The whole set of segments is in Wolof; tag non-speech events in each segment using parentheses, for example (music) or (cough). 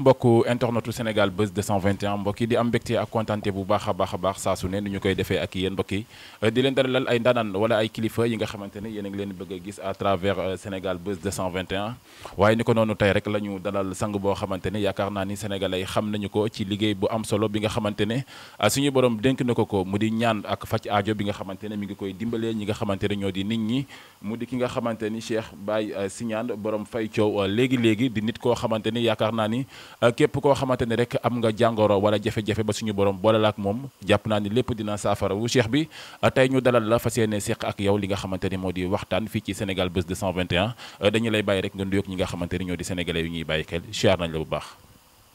mbokk internetu Sénégal Buzz 221 mbokk yi di am mbégte ak kontante bu baax a baax a baax saa ne ni ñu koy defee ak yéen mbokk yi euh, di leen dalal ay ndaanaan wala ay kilifa yi nga xamante ne yéen ngi leen bëgg a gis à travers euh, Sénégal Buzz 221 waaye ni ko noonu tey rek la ñu dalal sang boo xamante ne yaakaar naa ni sénégalais xam nañu ko ci liggéey bu am solo bi nga xamante ne euh, suñu boroom denk na ko ko mu di ñaan ak faj aajo bi nga xamante ne mi ngi koy dimbalee ñi nga xamante ne ñoo di nit ñi mu di ki nga xamante ni Cheikh Baye Signane borom fay coow léegi léegi di nit koo xamante ni yaakaar naa ni Euh, képp koo xamante ne rek am nga jàngoro wala jafe-jafe ba suñu borom boole la ak moom jàpp naa ni lépp dina saafara wu cheikh bi euh, tey ñu dalal la fa yéene seq ak yow li nga xamante ne moo di waxtaan fii ci Sénégal Buzz 221 euh, dañu lay bàyyi rek nga nuyoog ñi nga xamante ne ñoo di sénégalais yu ñuy bàyyi xel siyaar nañ la bu baax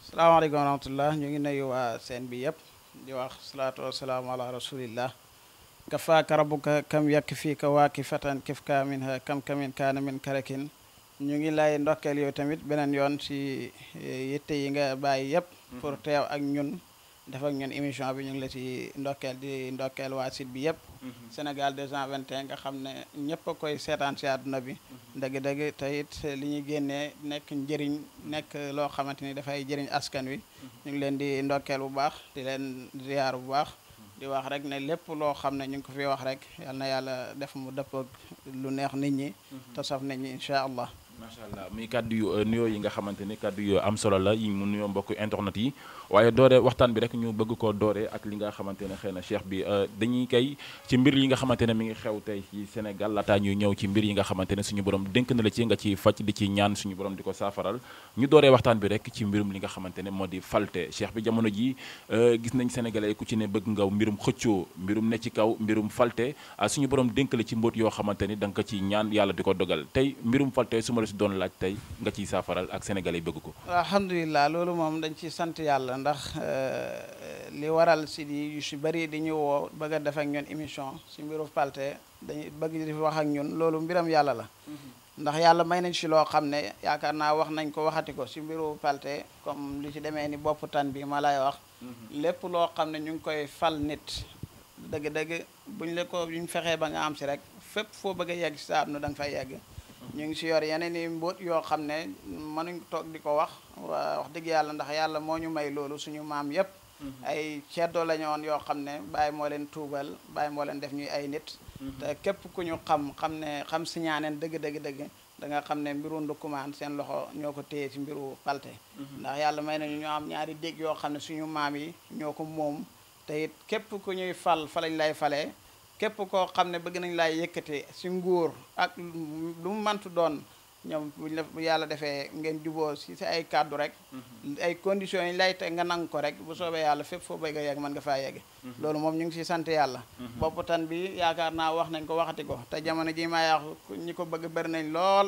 salaamaaleykum wa rahmatullah ñu ngi nuyu waa seen bi yëpp di wax salaatu wasalaamu ala rasulillah kafaaka rabuka kam yakk fii ka waaki fatan kif ka min ha kam kamin ñu ngi lay ndokkeel yow tamit beneen yoon si eh, yitte yi nga bàyyi yëpp. Mm-hmm. pour teew ak ñun def ak ñun émission bi ñu ngi la ci ndokkeel di ndokkeel waa bi yëpp. Mm-hmm. Sénégal 221 nga xam ne ñëpp a koy seetaan si àdduna bi. Mm-hmm. dëgg-dëgg te li ñuy génnee nekk njëriñ nekk loo xamante ni dafay jëriñ askan wi. ñu ngi leen di ndokkeel bu baax di leen ziar bu baax. di wax rek ne lépp loo xam ne ñu ngi ko fi wax rek yal na yàlla def mu dëppoog lu neex nit ñi. te saf nit ñi allah. macha allah muy kaddu yu euh, nuyoo yi nga xamante ni kaddu yu am solo la yi mu nuyoo mbokk internet yi waaye doore waxtaan bi rek ñu bëgg koo doore ak li nga xamante ne xëy na cheikh bi euh, dañuy kay ci mbir yi nga xamante ne mi ngi xew tey ci laata ñuy ñëw ci mbir yi nga xamante ne suñu borom dénk na la nga ci faj di ci ñaan suñu borom di ko saafaral ñu doore waxtaan bi rek ci mbirum li nga xamante ne moo di falte cheikh bi jamono ji euh, gis nañ sénégalais ku ci ne bëgg nga mbirum xëccoo mbirum ne ci kaw mbirum falte ah, suñu borom dénk la ci mbóot yoo xamante ni da nga ko ci ñaan yàlla di ko dogal tey mbirum falte suma la si doon laaj tey nga ci saafaral ak sénégalais bëgg ko la ndax euh, li waral si di yu si bëri di ñu woo bëgg a def ak ñun émission si mbiru Palte dañuy bëgg di wax ak ñun loolu mbiram yàlla la. Mhm. ndax yàlla may nañ si loo xam ne yaakaar naa wax nañ ko waxati ko si mbiru Palte comme li ci demee ni bopp tan bi ma lay wax. Mhm. lépp loo xam ne ñu ngi koy fal nit. dëgg-dëgg buñ la ko ñu fexee ba nga am si rek fépp foo bëgg yegg si saa am na da fay yegg. ñu ngi si yor yeneen i mbóot yoo xam ne mënuñ toog di ko wax wax dëgg yàlla ndax yàlla moo ñu may loolu suñu maam yépp mhm. ay ceddoo la yoo xam ne bàyyi moo leen tuubal bàyyi moo def ñuy ay nit mhm. képp ku ñu xam xam ne xam si ñaaneen dëgg dëgg dëgg da nga xam ne mbiru ndukkumaan seen loxo ñoo ko téye ci mbiru palte mhm. ndax yàlla may nañu ñoo am ñaari dégg yoo xam ne suñu maam yi ñoo ko moom te it képp ku ñuy fal fa lañ lay falee képp koo xam ne bëgg nañ laa yëkkati si nguur ak lu mu doon ñoom buñ la yàlla defee ngeen juboo si si ay kàddu rek mhm. ay condition yi lay te nga nangu ko rek bu soobee yàlla fépp foo bëgg a yegg mën nga faa yegg mhm. loolu moom ñu ngi si sant yàlla mhm. bopp tan bi yaakaar naa wax nañ ko waxati ko te jamono ji maa yàqu ñi ko bëgg bëri nañ lool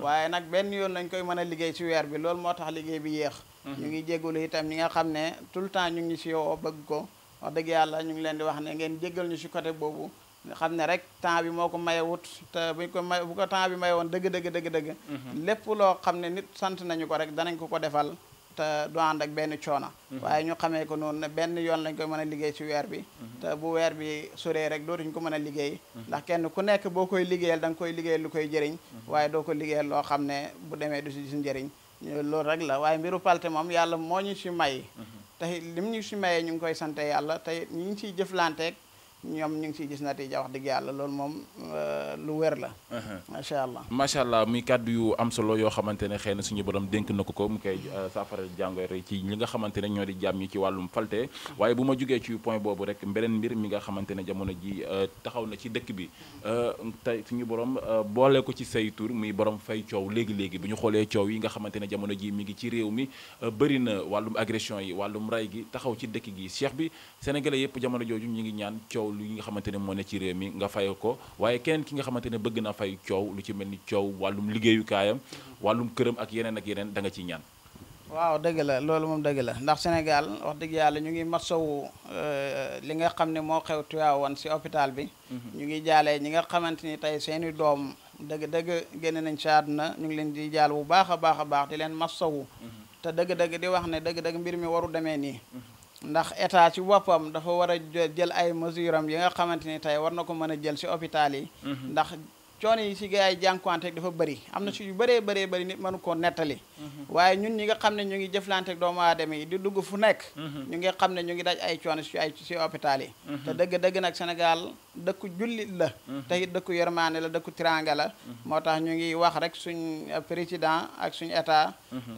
waaye nag benn yoon lañ koy mën a liggéey si weer bi loolu moo tax liggéey bi yéex ñu ngi jégalu itam ñi nga xam ne tout le temps ñu ngi si yow bëg ko wax dëgg yàlla ñu ngi leen di wax ne ngeen jéggal ñu ci côté boobu xam ne rek temps bi moo ko maye wut te buñ ko may bu ko temps bi maye woon dëgg dëgg dëgg mhm. lépp loo xam ne nit sant nañu ko rek danañ ko ko defal te du ak benn coono mhm. waaye ñu xamee ko noonu ne benn yoon lañ koy mën a liggéey ci weer bi mhm. te bu weer bi soree rek dootuñ ko mën a liggéey ndax kenn ku nekk boo koy liggéeyal da nga koy liggéeyal lu koy jëriñ waaye doo ko liggéeyal loo xam ne bu demee du si njëriñ loolu rek la waaye mbiru palte moom yàlla moo ñu ci may te lim ñu si mayee ñu ngi koy sante yàlla te ñu ngi siy jëflanteeg ñoom ñu ngi ciy gis natiija wax dëgg yàlla loolu moom euh, lu wér la. Uh-huh. macha allah macha allah muy kàddu yu am solo yoo xamante ne xëy na suñu borom dénk na ko ko mu koy euh, saafara yi ci li nga xamante ne ñoo di jàmm ñi ci wàllum falte waaye bu ma jugee ci point boobu rek beneen mbir mi nga xamante ne jamono ji euh, taxaw na ci dëkk bi tey suñu borom boole ko ci say tur borom fay coow léegi léegi bu ñu xoolee coow yi nga xamante ne jamono ji mi ngi ci réew mi bëri na wàllum agression yi wàllum ray gi taxaw ci dëkk gi cheikh bi sénégalais yëpp jamono jooju ñu ngi ñaan coow li nga xamante ne moo ne ci réew mi nga fay ko waaye keneen ki nga xamante ne bëgg na fay coow lu ci mel ni coow wàllum liggéeyukaayam wàllum këram ak yeneen ak yeneen da nga ciy ñaan waaw dëgg la loolu moom dëgg la ndax Sénégal wax dëgg yàlla ñu ngi matsawu euh, li nga xam ne moo xew Tivaouane si hôpital bi mhm. ñu ngi jaalee ñi nga xamante ni tey seeni doom dëgg-dëgg génne nañ ci àdduna ñu ngi leen di jaal bu baax a baax a baax di leen matsawu mhm. te dëgg-dëgg di wax ne dëgg-dëgg mbir mi waru demee nii mhm. ndax état ci boppam dafa war a jël ay mesures am yi nga xamante ni tey war na ko mën a jël si hôpital yi. Mm-hmm. ndax coono yi si gars yi jànkuwanteeg dafa bëri am na si yu bëree bëree bëri nit mënu koo nettali mhm. waaye ñun ñi nga xam ne ñu ngi jëflanteeg doomu aadama yi di dugg fu nekk mhm. ñu ngi xam ne ñu ngi daj ay coono su ay si hôpital yi mhm. te dëgg dëgg nag Sénégal dëkku jullit la te it dëkku yërmaane la dëkku tiranga la moo tax ñu ngi wax rek suñ euh, président ak suñ état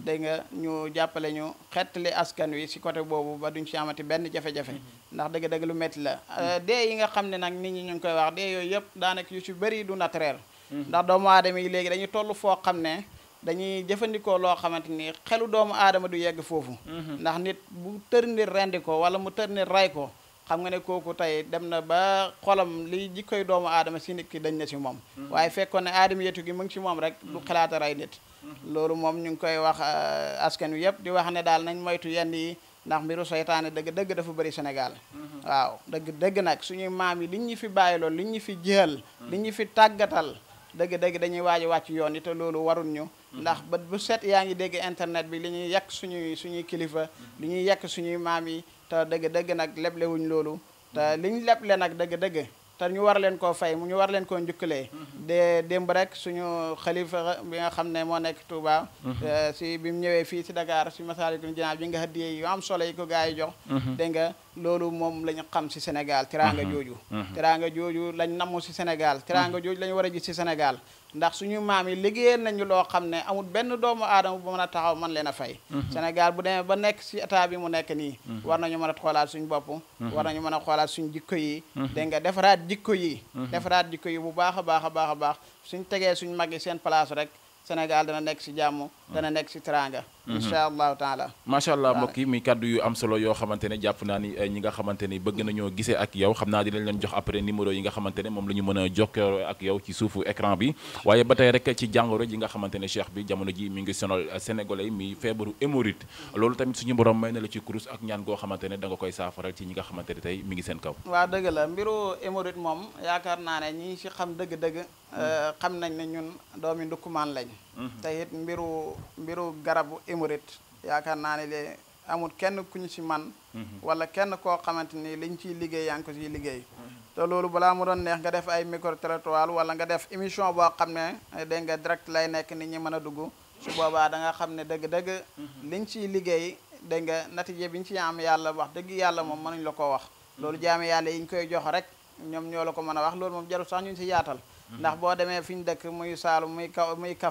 dégg nga ñu jàppale ñu xettali askan wi si côté boobu ba duñ ci amati benn jafe-jafe ndax dégg dëgg lu métti la euh, dee yi nga xam ne nag nit ñi ñu ngi koy wax dee yooyu yëpp daanaka yu ci bëri du naturel mhm. ndax doomu aadama yi léegi dañu toll foo xam ne dañuy jëfandikoo loo xamante ni xelu doomu aadama du yegg foofu mhm. nit bu tër nit ko wala mu tër nit ko xam nga ne kooku tey dem na ba xolam li jikkoy doomu aadama si nit ki dañ na si moom mhm. waaye fekkoon ne aadama yetu gi mu ngi si moom rek du xalaata ray nit loolu moom ñu ngi koy wax euh, askan wi yëpp di wax ne daal nañ moytu yenn yi ndax mbiru seytaane dëgg dëgg dafa bëri Sénégal waaw dëgg dëgg nag suñuy maam yi li ñu fi bàyyi lool li ñu fi jël li ñu fi tàggatal dëgg dëgg dañuy waaj a wàcc yoon yi te loolu warul ñu ndax bët bu set yaa ngi dégg internet bi li ñuy yàq suñuy suñuy kilifa li ñuy yàq suñuy maam yi te dëgg dëgg nag leblewuñ loolu te liñ leble nag dëgg dëgg te ñu war leen koo fay mu ñu war leen koo njukkalee de démb rek suñu xalifa bi nga xam ne moo nekk Touba mhm. eh, si bi mu ñëwee fii si Dakar si Masaalikul Jinaan bi nga xëddiyee yu am solo yi ko gars yi jox mhm. dégg loolu moom la ñu xam si Sénégal teraanga mhm. jooju mhm. teraanga jooju lañ namu si Sénégal teraanga mhm. jooju la ñu war a gis si Sénégal ndax suñu maam yi liggéeyal nañu loo xam ne amul benn doomu aadama bu man a taxaw man leen a fay Sénégal bu demee ba nekk si état bi mu nekk nii war nañu mën a xoolaat suñu bopp war nañu mën a xoolaat suñu jikko yi dégg nga defaraat jikko yi defaraat jikko yi bu baax a baax a baax a baax suñ tegee suñ mag seen place rek Sénégal dana nekk si jàmm dana nekk si teraanga Mm-hmm. incha allahu taala macha allah mbokk yi muy kàddu yu am solo yoo xamante ne jàpp naa ni eh, ñi nga xamante ne bëgg nañoo gisee ak yow xam naa dinañ leen jox après numéro yi nga xamante moom la mën a jokkoo ak yow ci suufu écran bi waaye ba tey rek ci jàngoro ji nga xamante ne cheikh bi jamono ji mi ngi sonal sénégalais yi muy feebaru hémorroïde loolu tamit suñu la ci kurus ak ñaan goo xamante da nga koy saafaral ci ñi ne tey mi ngi seen kaw waaw dëgg la mbiru hémorroïde moom yaakaar naa ne ñi ci xam dëgg-dëgg mm. eh, xam nañ ne ñun doomi ndukkumaan lañ mm-hmm. te mbiru mbiru garabu murit yaakaar naa ne de amul kenn ku ñu si man mhm. wala kenn koo xamante ni liñ ciy liggéey yaa ngi ko ciy liggéey te loolu balaa mu doon neex nga def ay micro trottoir wala nga def émission boo xam ne eh, dégg nga direct lay nekk nit ñi mën a dugg boobaa da nga xam ne dëgg-dëgg mhm. liñ ci liggéey dégg nga natije bi ñu ci am yàlla wax dëgg yàlla moom mënuñ la ko wax mhm. loolu jaami yàlla yi koy jox rek ñoom ñoo la ko mën a wax loolu moom jarul sax ñu si yaatal ndax boo demee fi dëkk muy Saalum muy ka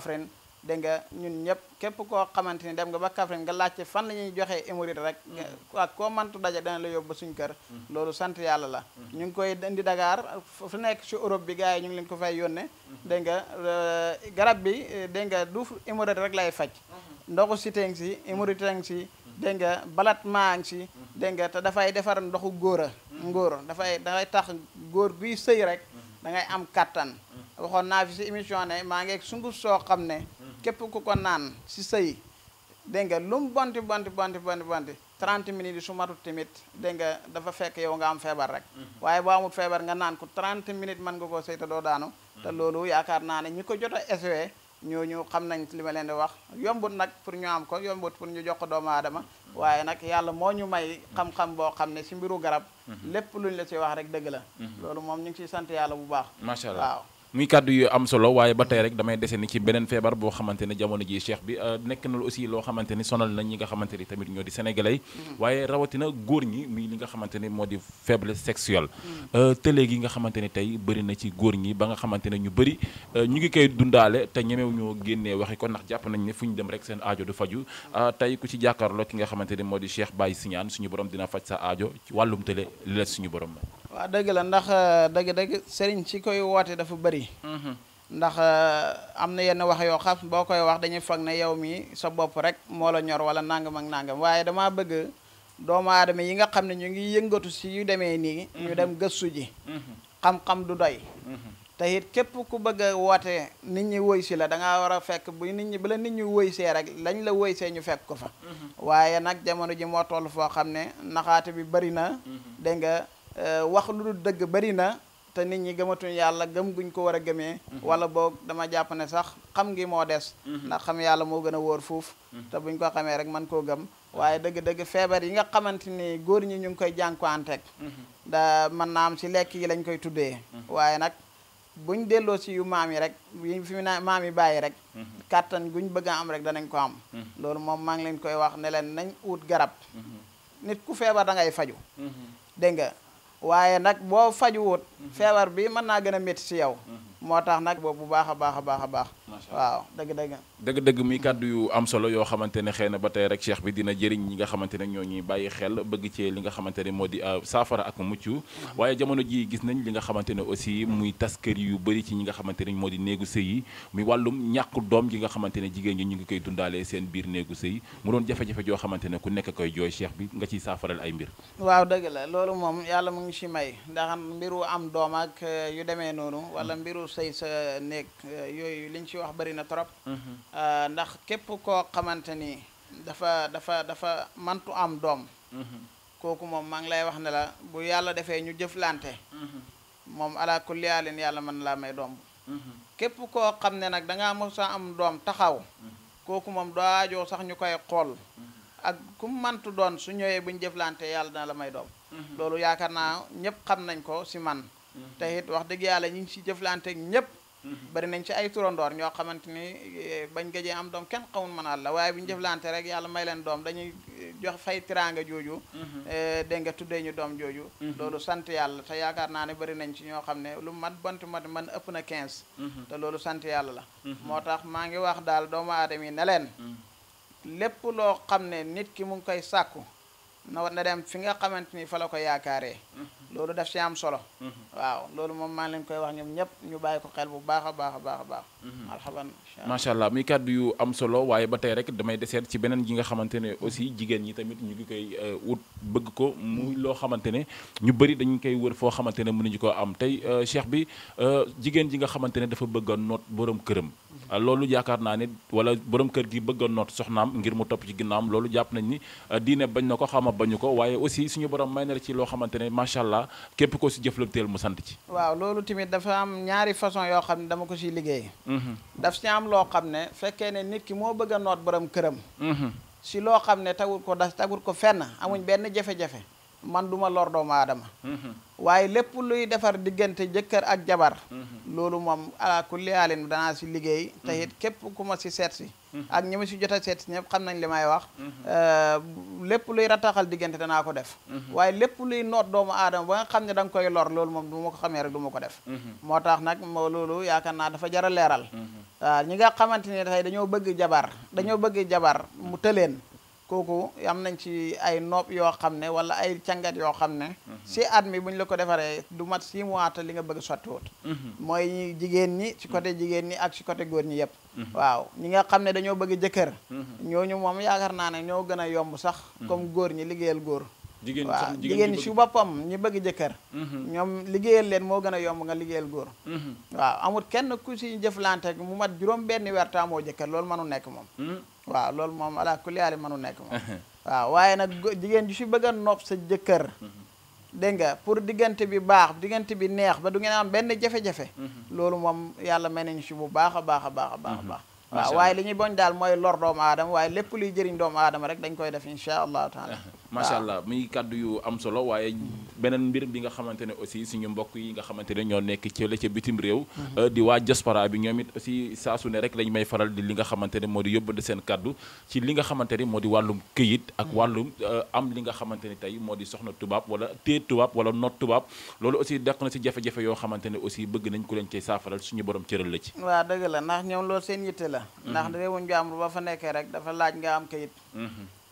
dégg nga ñun ñëpp képp koo xamante ni dem nga ba Kaffrine nga laajte fan la ñuy joxee hémorroïde rek ko mm-hmm. koo mantu daje dana la yóbbu suñ kër mm-hmm. loolu sant yàlla la mm-hmm. ñu ngi koy indi Dakar fu nekk ci Europe bi gaa yi ñu ngi ko fay yónnee dégg nga euh, garab bi dégg nga du hémorroïde rek lay faj ndoxu siteng si hémorroïde teng si dégg nga balat maa ngi si dégg te dafay defar ndoxu góor a ngóor dafay dafay tax góor guy sëy rek dangay am kattan waxoon naa fi si émission ne maa ngeeg sunguf soo xam ne képp ku ko naan si sëy dégg nga lu mu bonti bonti bonti bonti bonti 30 minutes yi su matut tamit dégg nga dafa fekk yow nga am feebar rek mhm. waaye boo amul feebar nga naan ko 30 minutes mën nga koo sëy te doo daanu te mhm. loolu yaakaar naa ne ñi ko jot a ñoo ñooñu xam nañ li ma leen di wax yombut nag pour ñu am ko yombut pour ñu jox ko doomu aadama mhm. waaye nag yàlla moo ñu may xam-xam boo xam ne si mbiru garab lépp luñ la ci wax rek dëgg la loolu moom ñu ngi ciy sant yàlla bu baax macha allah muy kàddu yu am solo waaye ba tey rek damay dese ni ci beneen feebar boo xamante ne jamono ji cheikh bi euh, nekk na aussi loo xamante ni sonal nañ ñi nga xamante ni tamit ñoo di sénégalais mm-hmm. waaye rawatina góor ñi muy li nga xamante ni moo di faiblesse sexuelle mm-hmm. euh, te léegi nga xamante ni tey bëri na ci góor ñi ba nga xamante ne ñu bëri euh, ñu ngi koy dundaale te ñemew ñoo génnee waxi ko ndax jàpp nañ ne fu ñu dem rek seen aajo du faju mm-hmm. tey ku ci jàkkarloo ki nga xamante ni moo di cheikh Baye Signane suñu borom dina faj sa aajo ci wàllum télé li suñu borom waaw dëgg la ndax dëgg-dëgg euh, sëriñ si koy woote dafa bari mm-hmm. ndax euh, am na yenn wax yoo xam boo koy wax dañuy foog ne yow mi sa bopp rek moo la ñor wala nangam ak nangam waaye damaa bëgg doomu aadama yi nga xam ne ñu ngi yëngatu si yu demee nii. ñu mm-hmm. dem gëstu ji. Mm-hmm. xam-xam du doy. te it képp ku bëgg woote nit ñi woy si la danga war a fekk bu nit ñi bu la nit ñi woy see rek lañ la woy see ñu fekk ko fa. waaye nag jamono ji moo toll foo xam ne naxaate bi bëri na. Euh, wax lu dul dëgg bari na te nit ñi gëmatuñ yàlla gëm guñ ko war a gëmee mhm. wala boog dama jàpp ne sax xam ngi moo des mhm. ndax xam yàlla moo gën a wóor fuuf mhm. te buñ ko xamee rek man koo gëm waaye dëgg-dëgg feebar yi nga xamante ni góor ñi ñu ngi koy jànkuwanteeg da mën naa am si lekk yi lañ koy tuddee waaye nag buñ delloo si yu maam yi rek yi fi naa maam yi bàyyi rek kàttan guñ bëgg a am rek danañ ko am loolu moom maa ngi leen koy wax ne leen nañ ut garab nit ku feebar da ngay faju dégg waaye nag boo fajuwut mhm. feebar bi mën naa gën a métti ci yow mhm. moo tax nag boobu bu baax a baax a baax a baax waaw dëgg-dëgg dëgg-dëgg muy kàddu yu am solo yoo xamante ne xëy na ba tey rek cheikh bi dina jëriñ ñi nga xamante ne ñoo ñuy bàyyi xel bëgg ci li nga xamante ne moo di euh, saafara ak mucc waaye jamono ji gis nañ li nga xamante ne aussi muy tas kër yu bari ci ñi nga xamante ne moo di néegu sëy yi muy wàllum ñàkk doom ji nga xamante ne jigéen ñi ñu ngi koy dundaale seen biir néegu sëy mu doon jafe-jafe joo xamante ne ku nekk koy jooy cheikh bi nga ciy saafaral ay mbir waaw dëgg la loolu moom yàlla mu ngi ci may ndax mbiru am doom euh, sa néeg euh, yooyu ci wax bari na trop. Mhm. Euh, ndax képp koo xamante ni dafa dafa dafa mantu am doom. Mhm. kooku moom maa ngi lay wax ne la bu yàlla defee ñu jëflante. Mhm. moom ala kulli yàlla mën laa may doom. képp koo xam ne nag danga mos a am doom taxaw. kooku moom doo sax ñu koy xool. ak ku mantu doon su ñëwee bu jëflante yàlla dana la may doom. loolu yaakaar naa ñëpp xam nañ ko si man. te wax dëgg yàlla ñu ngi jëflante ñëpp. Mm-hmm. bari nañ ci ay turandoor ñoo xamante ni eh, bañ gëjee am doom kenn xamul mën àlla waaye bu ñu rek yàlla may leen doom dañuy jox fay tiraanga jooju mm-hmm. eh, dégg nga tuddee ñu doom jooju mm-hmm. loolu sant yàlla te yaakaar naa ne bari nañ ci ñoo xam ne lu mat bonti mat man ëpp na 15 te loolu sant yàlla la moo tax maa ngi wax daal doomu aadama yi ne leen lépp loo xam ne nit ki mu ngi koy sàkku na na dem fi nga xamante ni fa la ko yaakaaree loolu daf si am solo. Mhm. waaw loolu moom maa leen koy wax ñoom ñëpp ñu bàyyi ko xel bu baax a baax a baax a baax. Mhm. marhaban macha allah muy kàddu yu am solo waaye ba tey rek damay deseet ci beneen ji nga xamante ne aussi jigéen ñi tamit ñu ngi koy wut euh, bëgg ko muy mhm. loo xamante ne ñu bëri dañu koy wër foo xamante ne mënuñu ko am tey euh, cheikh bi euh, jigéen ji nga xamante ne dafa bëgg noot boroom këram. Euh, loolu yaakaar naa ne wala borom kër gi bëgg a noot soxnaam ngir mu topp ci ginnaawam loolu jàpp nañ ni euh, diine bañ na ko xama bañu ko waaye aussi suñu borom may na ci loo xamante ne macha allah képp ko si jëflanteel mu sant ci. waaw loolu tamit dafa am ñaari façon yoo xam ne dama ko siy liggéey. Mhm. daf si am loo xam ne fekkee ne nit ki moo bëgg a noot borom këram. Mhm. si loo xam ne tagul ko das tagul ko fenn amuñ benn jafe-jafe man duma lor doomu aadama mhm. waaye lépp luy defar diggante jëkkër ak jabar mm-hmm. loolu moom ala kulli haalin danaa si liggéey te it mm-hmm. képp ku ma si seet si mm-hmm. ak ñi ma si jot a seet si xam nañ li may wax euh, lépp luy rataxal diggante danaa ko def waaye lépp luy noot doomu aadama ba nga xam ne da nga koy lor loolu moom du ma ko xamee rek du ma ko def moo tax nag moo loolu yaakaar naa dafa jar leeral ñi nga xamante ne dafay dañoo bëgg jabar dañoo bëgg jabar mu tëleen kooku am nañ ci ay noob yoo xam ne wala ay càngat yoo xam ne mhm. si at mi bu ñu la ko defaree du mat six mois te li nga bëgg sottiwut mhm. mooy jigéen ñi si côté mhm. jigéen ñi ak si côté góor ñi yëpp waaw ñi nga xam ne dañoo bëgg jëkkër ñu moom yaakaar naa ne ñoo gën a yomb sax comme góor ñi liggéeyal góor jigéen waaw jigéen ñi si boppam ñi bëgg jëkkër mhm. ñoom liggéeyal leen moo gën a yomb nga liggéeyal góor mhm. waaw amul kenn ku si jëflante mu mat juróom benn weer ta amoo jëkkër loolu mënu nekk moom mhm. waaw loolu moom ala kulli haal mënu nekk moom (laughs) waaw waaye nag jigéen ju si bëgg a nopp sa jëkkër dégg nga pour diggante bi baax diggante bi neex ba du ngeen am benn jafe-jafe loolu moom yàlla may nañu si bu baax a baax a baax baax a baax waaw waaye li ñu boñ daal mooy lor doomu aadama waaye lépp luy jëriñ doomu aadama rek dañ koy def incha allahu taala (laughs) macha allah muy kàddu yu am solo waaye beneen mbir bi nga xamante ne aussi suñu mbokk yi nga xamante ne ñoo nekk ci la ca bitim réew mhm. euh, di waa diaspora bi ñoom it aussi saa su rek lañ may faral di li nga xamante ne moo di yóbbante seen kàddu ci li nga xamante ne moo di wàllum këyit ak mhm. wàllum euh, am li nga xamante ne tey moo di soxna tubaab wala tée tubaab wala noot tubaab loolu aussi dekk na si jafe-jafe yoo xamante ne aussi bëgg nañ ku leen cay saafaral suñu borom cëral la ci waaw dëgg la ndax ñoom loolu seen yitte la mhm. ndax réewuñ jaamur ba fa nekkee rek dafa laaj nga am këyit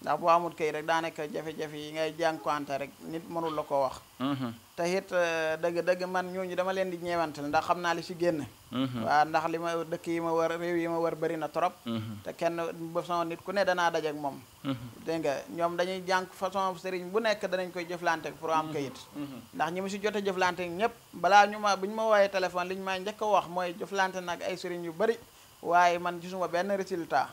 ndax boo amul kayit rek daanaka jafe-jafe yi ngay jànkuwante rek nit mënul la koo wax mhm. te it euh, dëgg dëgg man ñooñu dama leen di ñeewantal ndax xam naa li si génn mhm. waaw ndax li ma dëkk yi ma war réew yi ma war bëri na trop mhm. te kenn ba sama nit ku ne danaa daj moom dégg nga ñoom dañuy jànk façon sëriñ bu nekk danañ koy jëflante pour am kayit ndax ñi mu si jot a jëflante ñëpp balaa ñu ma bu ñu ma woowee téléphone li ñu ma njëkk a wax mooy jëflante nag ay sëriñ yu bëri waaye man gisuma benn résultat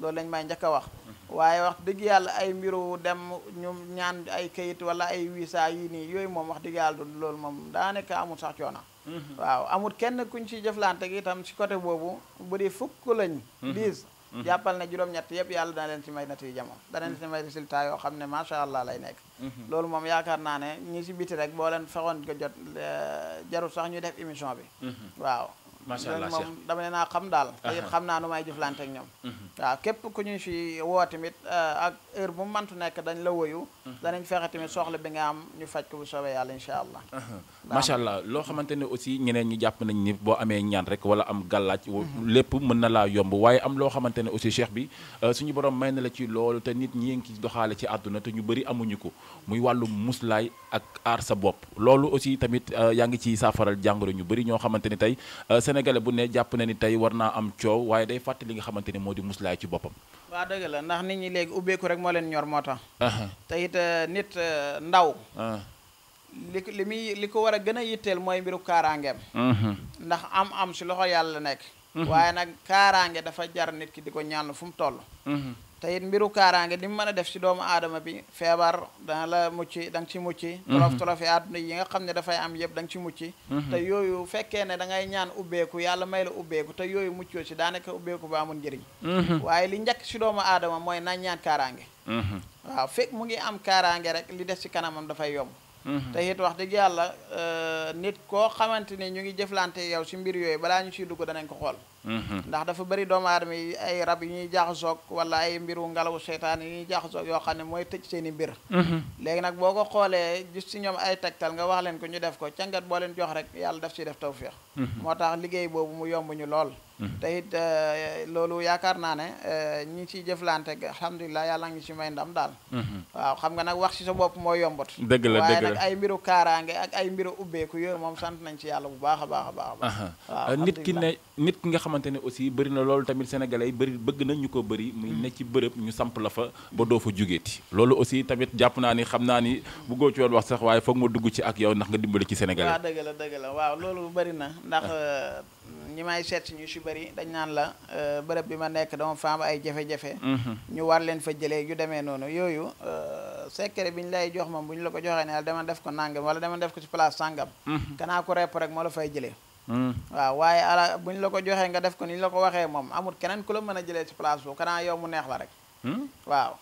loolu lañ may njëkk a wax waaye wax dëgg yàlla ay mbiru dem ñu ñaan ay kayit wala ay visa yii nii yooyu moom wax dëgg yàlla du loolu moom daanaka amul sax coono. Mm-hmm. waaw amul kenn kuñ ci jëflante gi itam si côté boobu bu fukk lañ. Mm-hmm. diis mm-hmm. jàppal na juróom-ñett yëpp yàlla dana leen ci may natu yi jamono. dana leen ci may résultat yoo xam ne macha allah lay nekk. loolu moom yaakaar naa ne ñi si biti rek boo leen fexoon ko jot eh, jarul sax ñuy def émission bi. waaw. macha allah moom dama leen xam daal (laughs) xam naa nu may jëflante ak ñoom mhm. tamit euh, ak heure bu mantu nekk dañ la woyu mhm. danañ fexe tamit soxla bi nga am ñu faj ko bu soobee yàlla incha (laughs) macha allah loo xamante ne aussi ñeneen ñi jàpp nañ ni boo amee ñaan rek wala am gàllaaj mhm. lépp mën na laa yomb waaye am loo xamante ne aussi cheikh bi euh, suñu borom may na la ci loolu te nit ñi ngi doxaale ci àdduna te ñu bari amuñu ko muy wàllu muslaay ak aar sa bopp loolu aussi tamit euh, yaa ngi ci safaral jàngoro ñu bari ñoo xamante ne tey sénégalais bu ne jàpp na ni tey war naa am coow waaye day fàtte li nga xamante ni moo di muslaay ci boppam waa dëgg la ndax nit ñi léegi ubbeeku rek moo leen ñor moo tax uh-huh. te it uh, nit uh, ndaw uh-huh. li li muy li ko war a gën a yitteel mooy mbiru kaaraangeem uh-huh. ndax am am si loxo yàlla nekk waaye nag kaaraange dafa jar nit ki di ko ñaan fu mu te it mbiru kaaraange li mu mën a def si doomu aadama bi feebar dana la mucc da nga ci mucc mhm. tolof tolof yi àdduna yi nga xam ne dafay am yëpp danga nga ci mucc mhm. te yooyu fekkee ne da ngay ñaan ubbeeku yàlla may la ubbeeku te yooyu muccoo ci daanaka ubbeeku ba amul njariñ mhm. waaye li njëkk si doomu aadama mooy na ñaan kaaraange waaw fekk mu ngi am kaaraange rek li des ci kanamam dafay yomb te wax dëgg yàlla euh, nit koo xamante ne ñu ngi jëflante yow si mbir yooyu balaa ñu ciy dugg danañ ko xool Mm-hmm. ndax dafa bëri doomu aadama yi ay rab yu ñuy jaaxasoog wala ay mbiru ngelawu seytaan yu ñuy jaaxasoog yoo xam ne mooy tëj seen i mbir mm-hmm. léegi nag boo ko xoolee gis ci ñoom ay tegtal nga wax leen ko ñu def ko cangat boo leen jox rek yàlla daf ciy def tawféex mm-hmm. moo tax liggéey boobu mu yomb ñu lool te euh, loolu yaakaar naa ne euh, ñi ciy jëflante alhamdulilah yàlla ngi ci may ndam daal waaw xam nga nag wax ci sa bopp mooy yombat dëgg la dëgg la ay mbiru kaaraange ak ay mbiru ubbeeku yooyu moom sant nañ ci yàlla bu baax a baax a baax a nit ki ne nit nga xam xamante ne aussi na loolu tamit sénégalais yi bëri bëgg nañ ñu ko bëri mm. ñu samp la fa ba doo fa jugeeti tamit jàpp naa ni xam naa ni bu ci woon wax sax waaye foog ma dugg ci ak yow ndax nga waaw la dëgg la waaw loolu bëri na ndax ah. euh, ñi may seet ñu si bari dañ naan la euh, bërëb bi ma nekk dama faam ay jafe-jafe mm-hmm. ñu war leen fa jëlee yu demee noonu yooyu euh, secret bi ñu lay jox moom bu ñu la ko joxee ne dama def ko nangam wala dama def ko si place sàngam mm-hmm. kanaa ko rek moo la fay jëlee waaw waaye ala ñu la ko joxee nga def ko niñ la ko waxee moom amul keneen ku la mën a jëlee si place boobu xanaa yow mu neex la rek hmm? waaw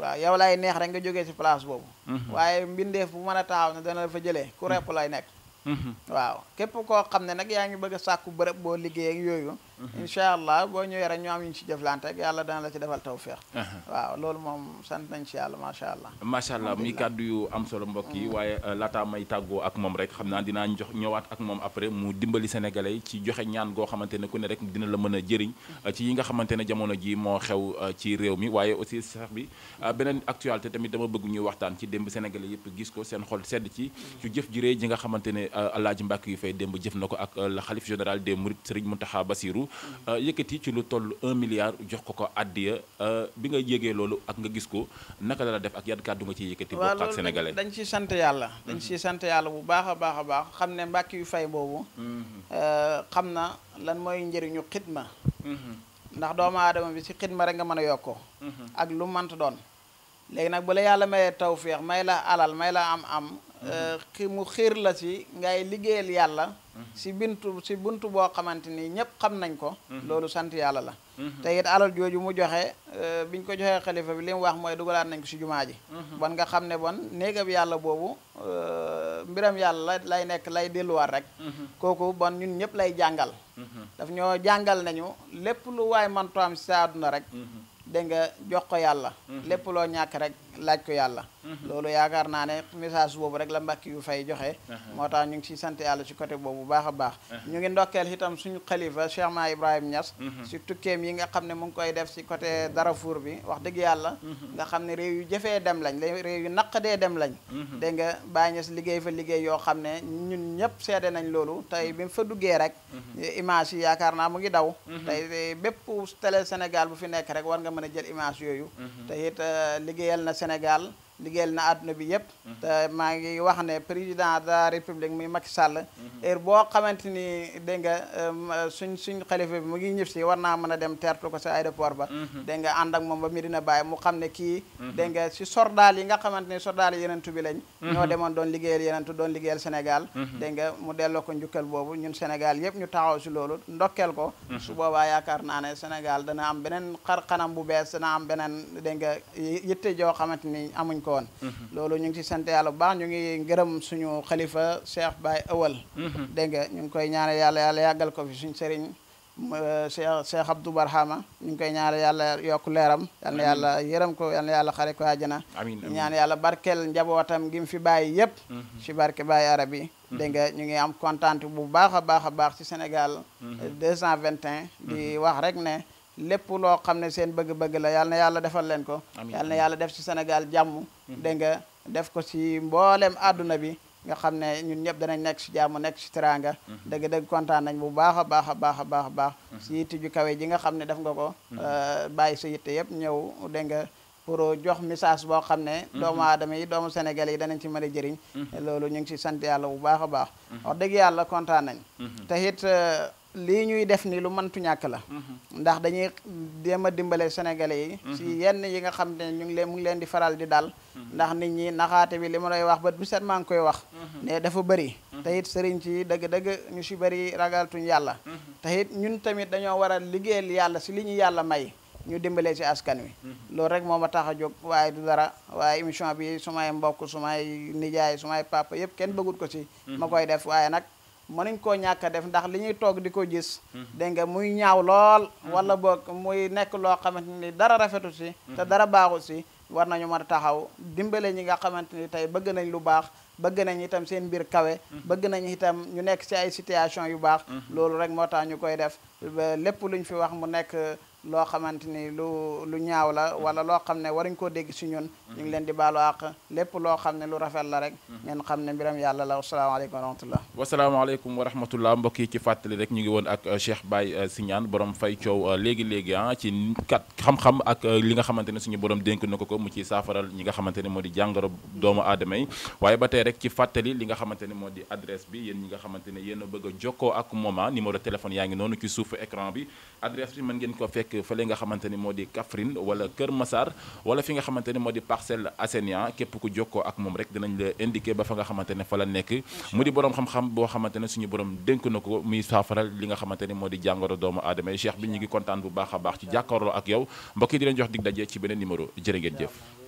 waaw yow lay neex rek nga jógee si place boobu hmm. waaye mbindeef bu mën a taxaw ne dana la fa jëlee ku repp lay nekk hmm. waaw képp koo xam ne nag yaa ngi bëgg sàkku bërëb boo liggéey ak yooyu Mm-hmm. incha allah boo ñëwee rek ñu am ñu ci jëflante ak yàlla dana la ci defal tawféex uh-huh. waaw loolu moom sant nañ ci yàlla macha allah macha allah muy kàddu yu am solo mbokk yi mm-hmm. waaye euh, laataa may tàggoo ak moom rek xam naa dinaa jox ñëwaat ak moom après mu dimbali sénégalais yi ci joxe ñaan goo xamante ne ku ne rek dina la mën a jëriñ mm-hmm. ci yi nga xamante ne jamono ji moo xew euh, ci réew mi waaye aussi sax bi euh, beneen actualité tamit dama bëgg ñuy waxtaan ci démb sénégalais yëpp gis ko seen xol sedd ci ci jëf ji rëy ji nga xamante ne alaaji mbàkk yu fay démb jëf na ko ak la xalif général des mourides sëriñ Basiru loolu euh, yëkkati ci lu toll un milliard jox ko ko addiya euh, bi nga yégee loolu ak nga gis ko naka la la def ak yan kàddu nga ciy yëkkati bokk ak sénégalais dañ ci sant yàlla dañ ci sant yàlla bu baax a baax a baax xam ne mbàkk yu fay boobu mhm. euh, xam na lan mooy njëriñu xidma mhm. ndax doomu aadama bi ci xidma rek nga mën a yokkoo mhm. ak lu mant doon léegi nag bu yàlla mayee tawféex may la alal may la am am Euh, ki mu xiir la si ngay liggéeyal yàlla si bintu si bunt boo xamante ni ñépp xam nañ ko mhm. loolu sant yàlla la mhm. te it alal jooju mu joxe euh, biñ ko joxee xalifa bi lim wax mooy dugalaat nañ ko si jumaa ji mhm. bon nga xam ne ban bon néegab yàlla boobu euh, mbiram yàlla lay nekk lay delluwaat rek kooku bon ñun ñëpp lay jàngal daf ñoo jàngal nañu lépp lu waay man toom sa àdduna rek dégg nga jox ko yàlla lépp loo ñàkk rek laaj ko yàlla Mhm. loolu yaakaar naa ne message boobu rek la mbàkki yu fay joxe. Mhm. moo tax ñu ngi ciy sant yàlla ci côté boobu baax a baax mhm. ñu ngi ndokkeel itam suñu xalifa Cheikh Ma Ibrahima Niass si tukkeem yi nga xam ne mu ngi koy def si côté Darfour bi wax dëgg yàlla nga xam ne réew yu jafee dem lañ réew yu dee dem lañ dégg nga Baye Niass liggéey fa liggéey yoo xam ne ñun ñëpp seede nañ loolu tey bi fa duggee rek eh, image yi yaakaar naa mu ngi daw tey eh, bépp télé Sénégal bu fi nekk rek war nga mën a jël image yooyu te it eh, liggéeyal na Sénégal liggéeyal na àdduna bi yëpp. Mhm. te maa ngi wax ne président de la république muy Macky Sall. Mhm. heure boo xamante ni dégg nga euh, suñ suñ xalifa bi mu gi ñëf si war naa mën a dem teertu ko si aéroport ba. Mhm. dégg nga ànd ak moom ba Medina Baye mu xam ne kii. dégg nga si sordaal yi nga xamante ni sordaal yenentu bi lañ. ñoo demoon doon liggéeyal yenentu doon liggéeyal Sénégal. dégg nga mu delloo ko njukkal boobu ñun Sénégal yëpp ñu taxaw si loolu ndokkeel ko. su boobaa yaakaar naa ne Sénégal dana am beneen xar xanam bu bees dana am beneen nga yitte joo ni amuñ ko woon mhm. loolu ñu ngi ci sant yàlla bu baax ñu ngi gërëm suñu xalifa Cheikh Baye Awal mhm. dégg nga ñu ngi koy ñaanal yàlla yàlla yàggal ko fi suñu sëriñ euh, Cheikh Cheikh Abdou Barhama ñu ngi koy ñaanal yàlla yokk leeram yal na yàlla yërëm ko yal na yàlla xare ko àjjana ñaan yàlla barkeel njabootam gi mu fi bàyyi yëpp mhm. ci barke Baye arab yi dégg nga ñu ngi am kontaan baax a baax a baax ci Sénégal di wax rek ne lépp loo xam ne seen bëgg-bëgg la yal na yàlla defal leen ko yal na yàlla def si Sénégal jàmm dégg nga def ko si mboolem àdduna bi nga xam ne ñun ñëpp danañ nekk ci jàmm nekk ci teraanga dëgg-dëgg kontaan nañ bu baax a baax a baax a baax a baax ci yitte ju kawe ji nga xam ne def nga ko euh, bàyyi sa yitte yëpp ñëw dégg nga pour jox missage boo xam ne doomu aadama yi doomu Sénégal yi danañ ci mën a jëriñ loolu ñu ngi ci sant yàlla bu baax a baax wax dëgg yàlla kontaan nañ te euh, lii ñuy def ni lu mantu ñàkk la mhm. ndax dañuy jéem a dimbale sénégalais yi mhm. ci yenn yi nga xam ne ñu ngi leen mu ngi leen di faral di daal mhm. ndax nit ñi naxaate bi li ma lay wax ba bu set maa ngi koy wax ne dafa bëri te it sëriñ ci dëgg-dëgg ñu ci bëri ragaltuñ yàlla te it ñun tamit dañoo war a liggéeyal yàlla si li ñu yàlla may ñu dimbalee si askan wi loolu rek moo ma tax a jóg waaye du dara waaye émission bi sumay mbokk sumay nijaay sumay papa yëpp kenn bëggut ko ci ma koy def waaye nag mënuñ koo ñàkk a def ndax li ñuy toog di ko gis hmm. dégg nga muy ñaaw lool hmm. wala boog muy nekk loo xamante ni dara rafetu si te hmm. dara baaxu si war nañu mën a taxaw dimbale ñi nga xamante ni tey bëgg nañ lu baax bëgg nañ itam seen mbir kawe bëgg nañ itam ñu nekk si ay situation yu baax loolu rek moo tax ñu koy def lépp luñ fi wax mu nekk loo xamante ni lu lu ñaaw la wala loo xam ne waruñ koo dégg si ñun mm-hmm. ñu ngi leen di baalu àq lépp loo xam ne lu rafet la rek mm-hmm. ngeen xam ne mbiram yàlla la wasalaamaaleykum wa rahmatullah wasalaamaaleykum wa mbokk yi ci fàttali rek ñu ngi woon ak euh, Cheikh Baye ñaan euh, borom fay coow euh, léegi-léegi ah ci kat xam-xam ak li nga xamante ne suñu borom denk na ko ko mu ci saafaral ñi nga xamante ne moo di jàngaro doomu aadama yi waaye ba tey rek ci fàttali li nga xamante ne moo di adresse bi yéen ñi nga xamante ne yéen bëgg a ak mooma ah, numéro téléphone yaa ngi noonu ci suufu écran bi adresse bi fekk nekk nga xamante ni moo di Kaffrine wala Kër Massar wala fi nga xamante ni moo di Parcelles Assainies képp ku jokkoo ak moom rek dinañ la indiqué ba fa nga xamante ne fa la nekk mu di borom xam-xam boo xamante ne suñu borom dénk na ko muy saafaral li nga xamante ni moo di jàngoro doomu aadama yi cheikh bi ñu ngi kontaan bu baax a baax ci jàkkaarloo ak yow mbokki yi di leen jox dig daje ci beneen numéro jërë ngeen jëf